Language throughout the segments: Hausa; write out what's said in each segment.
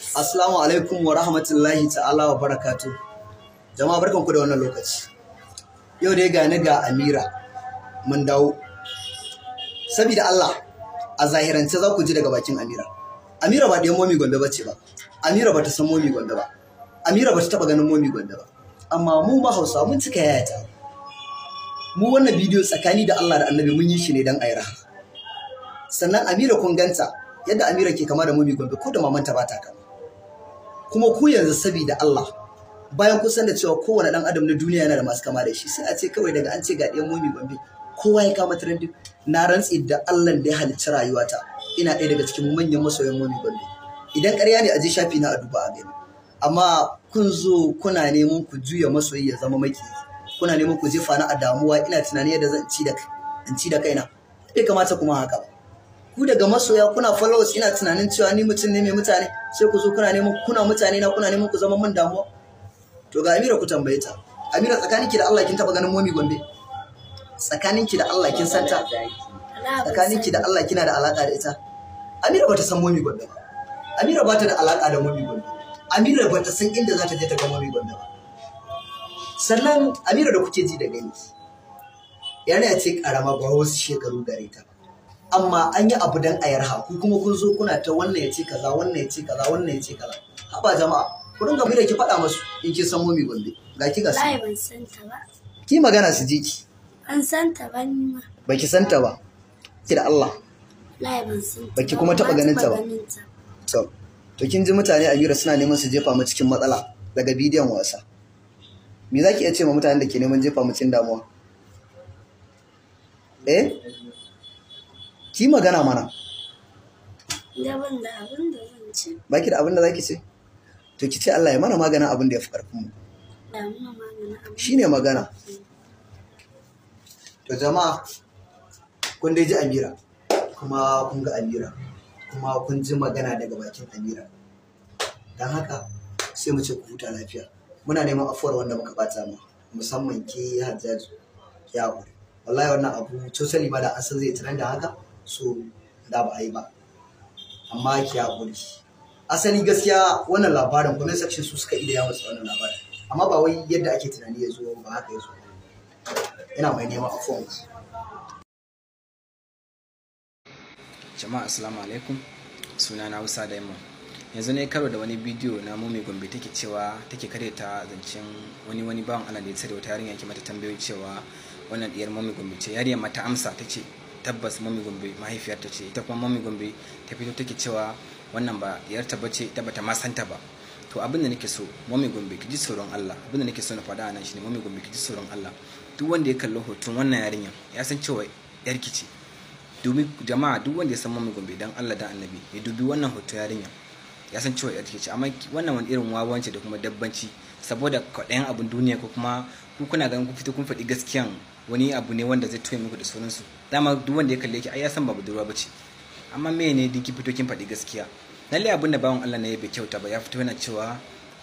Assalamu alaikum wa rahmatullahi ta'ala wa barakatu. Jama'a barkanku da wannan lokaci. Yau dai ga ni ga Amira mun dawo. Sabida Allah a zahirance za ku ji daga bakin Amira. Amira ba ɗayan momi gombe bace ba. Amira ba ta san momi gombe ba. Amira ba ta taɓa ganin momi gombe ba. Amma mu ba Hausa mun cika yayata. Mu wannan bidiyo tsakani da Allah da Annabi mun yi shi ne don ayi Sannan Amira kun ganta yadda Amira ke kama da momi gombe ko da mamanta ba ta kama. kuma ku yanzu saboda Allah bayan kun san da cewa kowane dan adam na duniya yana da masu kama da shi sai a ce kawai daga an ce ga ɗaya momi bambi kowa ya kama trending na rantsi da Allah da ya halicci rayuwata ina ɗaya daga cikin manyan masoyan momi bambi idan ƙarya ne a je shafi na a duba a gani amma kun zo kuna neman ku juya masoyi ya zama maki kuna neman ku jefa na a damuwa ina tunani yadda zan ci da in ci da kaina bai kamata kuma haka ba ku daga masoya kuna followers ina tunanin cewa ni mutum ne mai mutane sai ku zo kuna neman kuna mutane na kuna neman ku zama mun damuwa to ga Amira ku tambaye ta Amira tsakaninki da Allah kin taba ganin momi Gombe tsakaninki da Allah kin santa tsakaninki da Allah kina da alaka da ita Amira bata san momi Gombe ba Amira bata da alaka da momi Gombe Amira bata san inda za ta je ta ga momi Gombe ba sannan Amira da kuke ji da gani yana ce karama ba wasu shekaru gare ta amma an yi abu dan a yarha ku kuma kun zo kuna ta wannan ya ce kaza wannan ya ce kaza wannan ya ce kaza haba jama'a ku dinga mai da ki faɗa masu in kin san momi gombe ga ki ga su ban san ta ba ki magana su ji ki ban san ta ba ni ma ki san ta ba ki da Allah wallahi ban san ta ba ki kuma taba ganin ta ba to to kin ji mutane a Yura suna neman su jefa mu cikin matsala daga bidiyon wasa me zaki iya ce ma mutanen da ke neman jefa mu cikin damuwa eh ki magana mana ba ki da abin da za ki ce to ki ce Allah ya mana magana abin da ya fi ƙarfin mu shi ne magana to jama'a kun dai ji amira kuma kun ga amira kuma kun ji magana daga bakin amira don haka sai mu ce ku huta lafiya muna neman afuwar wanda muka bata ma, musamman ke hajjaji ya haƙuri wallahi wannan abu totally ba da an san zai tunan da haka so da ba a yi ba amma ki hakuri asali gaskiya wannan labarin kuma section su suka idaya masa wannan labarin amma ba wai yadda ake tunani ya zo ba haka ya zo ina mai neman afuwan jama'a assalamu alaikum suna na Hausa yamma yanzu ne karo da wani bidiyo na mu mai gombe take cewa take kare ta zancen wani wani bawan Allah da ya tsare wata yarinya ke mata tambayoyi cewa wannan diyar mu mai gombe ce yarinya mata amsa ta ce tabbas mami gombe mahaifiyarta ce ita kuma mami gombe ta fito take cewa wannan ba yar ba ce ta bata ma santa ba to abin da nake so mami gombe ki ji tsoron Allah abin da nake so na faɗa nan shine mami gombe ki ji tsoron Allah duk wanda ya kalli hoton wannan yarinyar ya san cewa yarki ce domin jama'a duk wanda ya san mami gombe dan Allah da annabi ya dubi wannan hoton yarinyar ya san cewa yarki ce amma wannan wani irin wawanci da kuma dabbanci saboda kwaɗayan abin duniya ko kuma ku kuna ganin ku fito kun faɗi gaskiyan wani abu ne wanda zai toye muku da sauransu dama duk wanda ya kalle ki ai ya san ba budurwa bace amma me ne din ki fito kin faɗi gaskiya lalle abin da bawan Allah ne ya bai kyauta ba ya fito yana cewa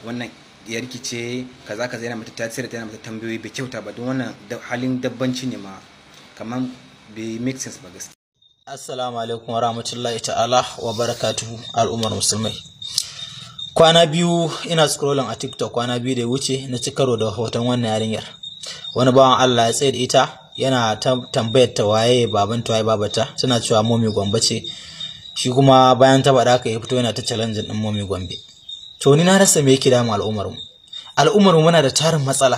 wannan ya rikice kaza kaza yana mata tasiri yana mata tambayoyi bai kyauta ba don wannan halin dabbanci ne ma kamar bai make sense ba gaskiya assalamu alaikum wa rahmatullahi ta'ala wa barakatuhu al'ummar musulmai kwana biyu ina scrolling a tiktok kwana biyu da ya wuce na ci karo da hoton wannan yarinyar wani bawan allah ya tsaye da ita yana tambayar ta waye baban ta waye babata tana cewa momi gwamba ce shi kuma bayan ta faɗa ka ya fito yana ta challenge din momi gwambe to ni na rasa me yake damu al'ummar mu al'ummar mu muna da tarin matsala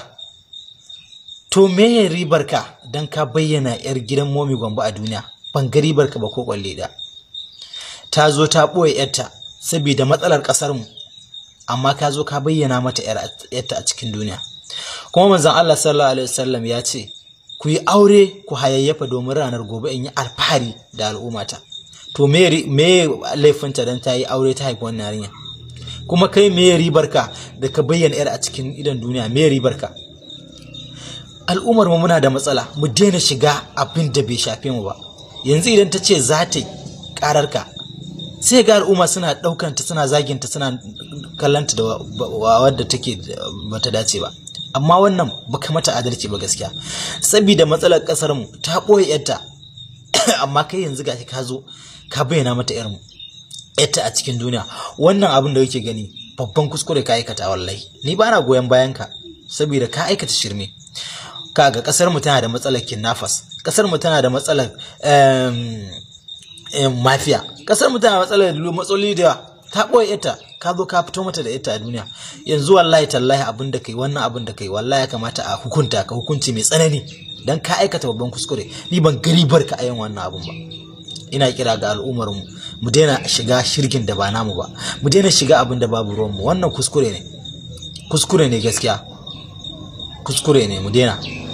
to me ya ribar ka dan ka bayyana yar gidan momi gwamba a duniya ban ga ribar ka ba ko kwalle da ta zo ta ɓoye yarta saboda matsalar ƙasar mu amma ka zo ka bayyana mata yadda a cikin duniya kuma manzon Allah sallallahu alaihi wasallam ya ce ku yi aure ku hayayyafa domin ranar gobe in yi alfahari da al'ummata to me me laifinta dan ta yi aure ta haifi wannan yarinya kuma kai me ribarka da ka bayyana yar a cikin idan duniya me ribarka al'ummar mu muna da matsala mu daina shiga abin da bai shafe mu ba yanzu idan ta ce za ta karar ka sai ga al'umma suna ɗaukanta suna zaginta suna kallanta da wadda take bata dace ba amma wannan baka mata adalci ba gaskiya saboda matsalar kasar mu ta boye yarta amma kai yanzu gashi ka zo ka bayyana mata mu yarta a cikin duniya wannan abin da kake gani babban kuskure ka aikata wallahi ni ba na goyon bayan ka saboda ka aikata shirme kaga kasar mu tana da matsalar kinnafas kasar mu tana da matsalar ehm, Eh, mafiya kasar mutane matsalar matsalar matsaloli da yawa ta ɓoye ita ka zo ka fito mata da ita a duniya yanzu wallahi tallahi abin da kai wannan abin da kai wallahi ya kamata a hukunta ka hukunci mai tsanani dan ka aikata babban kuskure ni ban gari ka a yin wannan abin ba ina kira ga al'ummar mu mu daina shiga shirgin da ba namu ba mu daina shiga abin da babu ruwan mu wannan kuskure ne kuskure ne gaskiya kuskure ne mu daina